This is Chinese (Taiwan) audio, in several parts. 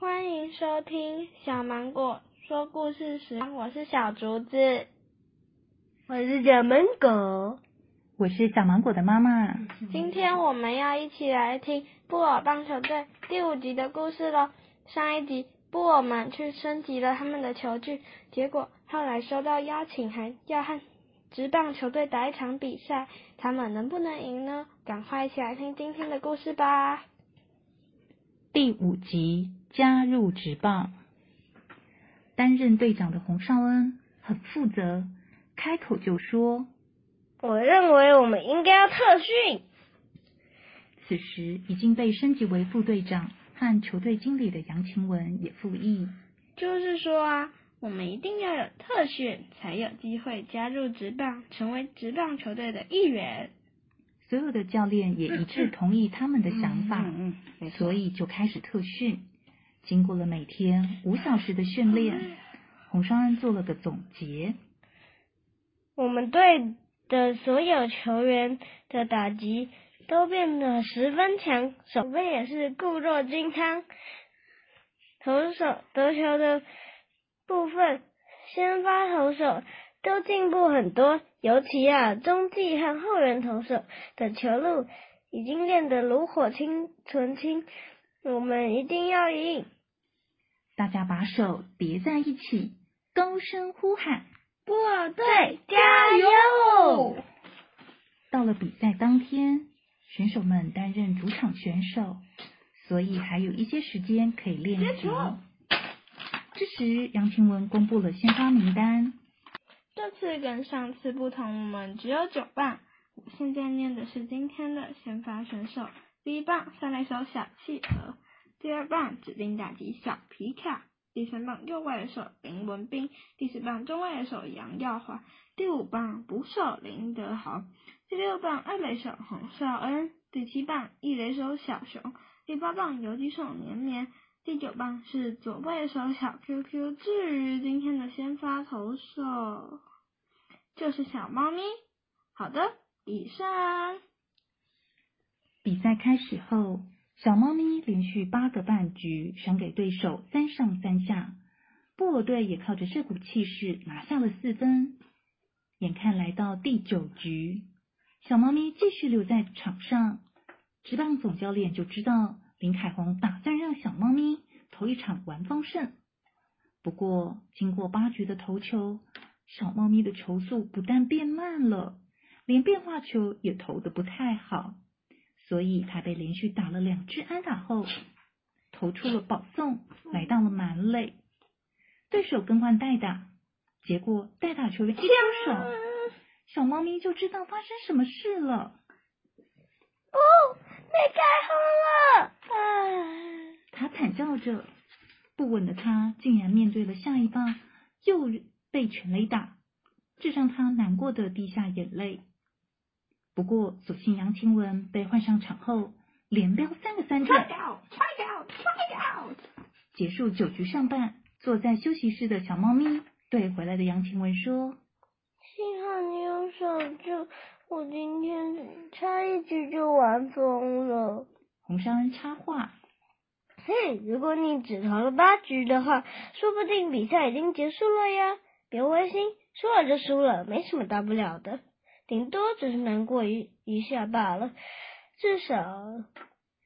歡迎收聽小芒果說故事時光，我是小竹子，我是小芒果，我是小芒果的媽媽。今天我們要一起來聽布偶棒球隊第五集的故事嘍。上一集布偶們去升級了他們的球具，結果後來收到邀請函，要和職棒球隊打一場比賽，他們能不能贏呢？趕快一起來聽今天的故事吧。第五集。加入職棒，擔任隊長的洪少恩很負責，開口就說：“我認為我們應該要特訓。”此時已經被升級為副隊長和球隊經理的楊晴雯也附議：“就是說啊，我們一定要有特訓，才有機會加入職棒，成為職棒球隊的一員。”所有的教練也一致同意他們的想法，嗯嗯嗯嗯，所以就開始特訓。經過了每天五小時的訓練，嗯、洪雙安做了個總結。我們隊的所有球員的打擊都變得十分強，守備也是固若金湯。投手、得球的部分、先發投手都進步很多，尤其啊中繼和後援投手的球路已經練得爐火清純青。我們一定要贏！大家把手疊在一起，高聲呼喊：“布偶隊加油！”到了比賽當天，選手們擔任主場選手，所以還有一些時間可以練習。這時，楊清文公布了先發名單。這次跟上次不同，我們只有九棒。現在念的是今天的先發選手，第一棒再來一首《小企鵝》。第二棒指定打擊小皮卡，第三棒右外野手林文斌，第四棒中外野手楊耀華，第五棒捕手林德豪，第六棒二壘手洪少恩，第七棒一壘手小熊，第八棒游擊手綿綿，第九棒是左外野手小 QQ。至於今天的先發投手，就是小貓咪。好的，以上啊、比賽。比賽開始後。小貓咪連續八個半局，選給對手三上三下，布偶隊也靠着這股氣勢拿下了四分。眼看來到第九局，小貓咪繼續留在場上，職棒總教練就知道林凱宏打算讓小貓咪投一場完封勝。不過，經過八局的投球，小貓咪的球速不但變慢了，連變化球也投得不太好。所以他被連續打了兩支安打後，投出了保送，來到了滿壘。對手更換代打，結果代打球的一出手，小貓咪就知道發生什麼事了。哦，沒開好了，啊！他慘叫着，不穩的他竟然面對了下一棒，又被全壘打，這讓他難過的滴下眼淚。不過，所幸楊清文被換上場後，連飆三個三振，結束九局上半。坐在休息室的小貓咪對回來的楊清文說：“幸好你有守住，我今天差一局就完封了。”洪尚恩插話：“嘿，如果你只投了八局的話，說不定比賽已經結束了呀。別灰心，輸了就輸了，沒什麼大不了的。”頂多只是難過一一下罷了，至少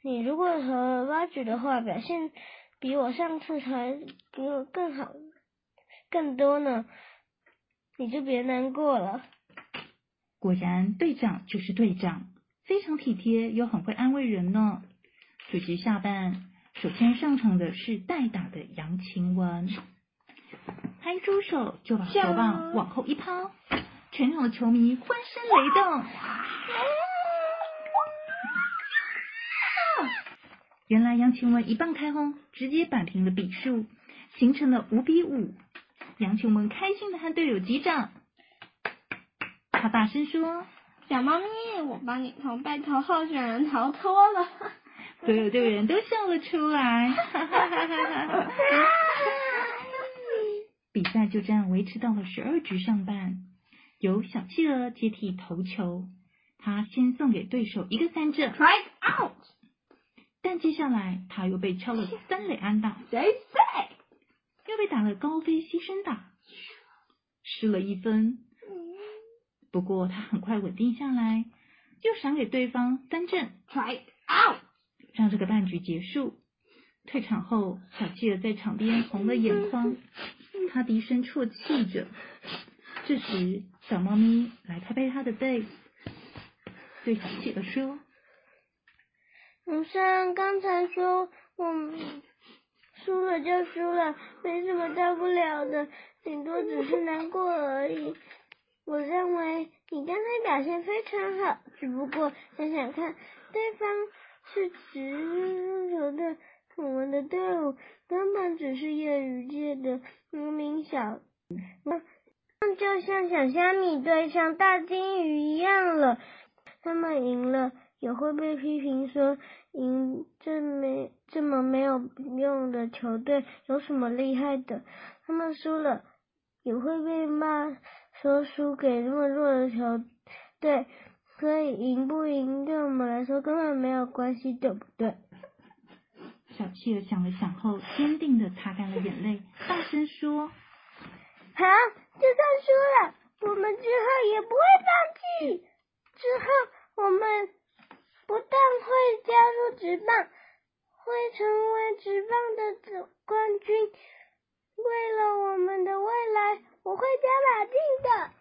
你如果和挖掘的話，表現比我上次才比我更好，更多呢，你就別難過了。果然隊長就是隊長，非常體貼又很會安慰人呢、哦。主席下班，首先上場的是代打的楊晴雯，拍出手就把球棒往後一拋。全場的球迷歡聲雷動。原來楊晴雯一棒開轟，直接扳平了比數，形成了五比五。楊晴雯開心的和隊友擊掌。他大聲說：“小貓咪，我幫你從敗投候選人逃脫了。”所有隊員都笑了出來。 比賽就這樣維持到了十二局上半。由小企鵝接替投球，他先送給對手一個三振，try out，但接下來他又被敲了三壘安打 safe，又被打了高飛犧牲打，失了一分。不過他很快穩定下來，又賞給對方三振，try out，讓這個半局結束。退場後，小企鵝在場邊紅了眼眶，他低聲啜泣着。這時，小貓咪來拍拍他的背，對淘氣的說：“魯山剛才說，我們輸了就輸了，沒什麼大不了的，頂多只是難過而已。我認為你剛才表現非常好，只不過想想看，對方是職業球隊，我們的隊伍根本只是業餘界的無名小貓。”就像小蝦米對上大鯨魚一樣了，他們贏了也會被批評說贏這沒這麼沒有用的球隊有什麼厲害的，他們輸了也會被罵說輸給弱弱的球隊，所以贏不贏對我們來說根本沒有關係，對不對？小企鵝想了想後，堅定地擦乾了眼淚，大聲說： 啊！就算輸了，我們之後也不會放棄。之後我們不但會加入職棒，會成為職棒的總冠軍。為了我們的未來，我會加把勁的。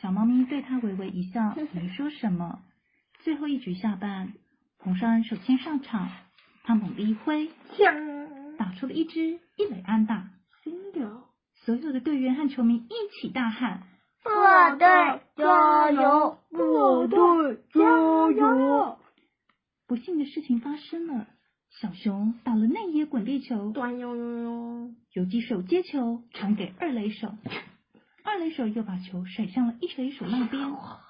小貓咪對他微微一笑， 沒說什麼。最後一局下半，紅雙首先上場，他猛地一揮，打出了一只一壘安打。所有的隊員和球迷一起大喊：“副隊加油！副隊加油！”不幸的事情發生了，小熊打了內野滾地球，游擊手接球傳給二壘手，二壘手又把球甩向了一壘手那邊。哦，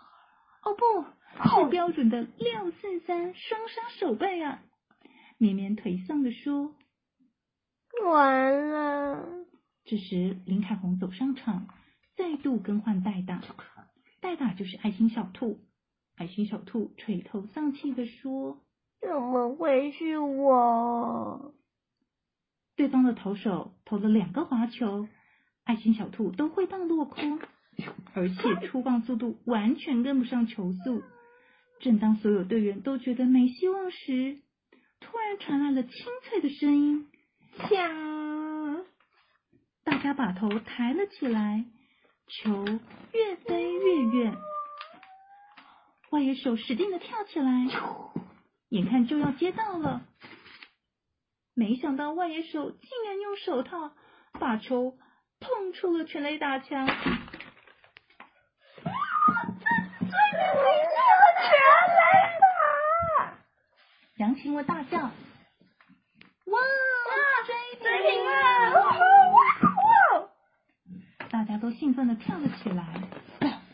哦不哦是標準的六四三雙殺守備啊！綿綿頹喪的說：“完了。”這時，林凱紅走上場，再度更換代打。代打就是愛心小兔。愛心小兔垂頭喪氣地說：“怎麼會是我？”對方的投手投了兩個滑球，愛心小兔都揮棒落空，而且出棒速度完全跟不上球速。正當所有隊員都覺得沒希望時，突然傳來了清脆的聲音。他把頭抬了起來，球越飛越遠。外野手使勁的跳起來，眼看就要接到了，沒想到外野手竟然用手套把球碰出了全壘打牆。這最厲全壘打！楊青我大叫：“哇，追平了！”大家都興奮的跳了起來。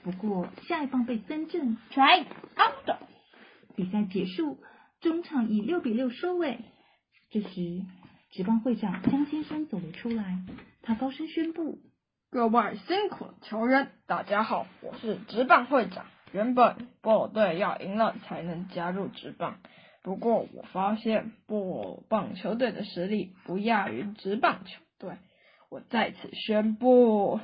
不過下一棒被三振出局比賽結束，中場以六比六收尾。這時，職棒會長江先生走了出來，他高聲宣布：各位辛苦了，球員大家好，我是職棒會長。原本布偶隊要贏了才能加入職棒，不過我發現布偶棒球隊的實力不亞於職棒球隊。我在此宣布，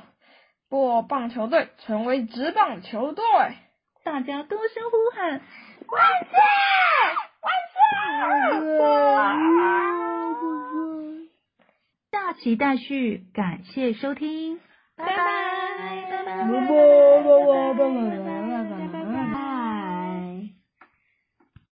布棒球隊成為職棒球隊！大家大聲呼喊，萬歲！萬歲！大、啊、歲、啊啊啊啊啊啊！下集待續，感謝收聽，拜拜！拜拜。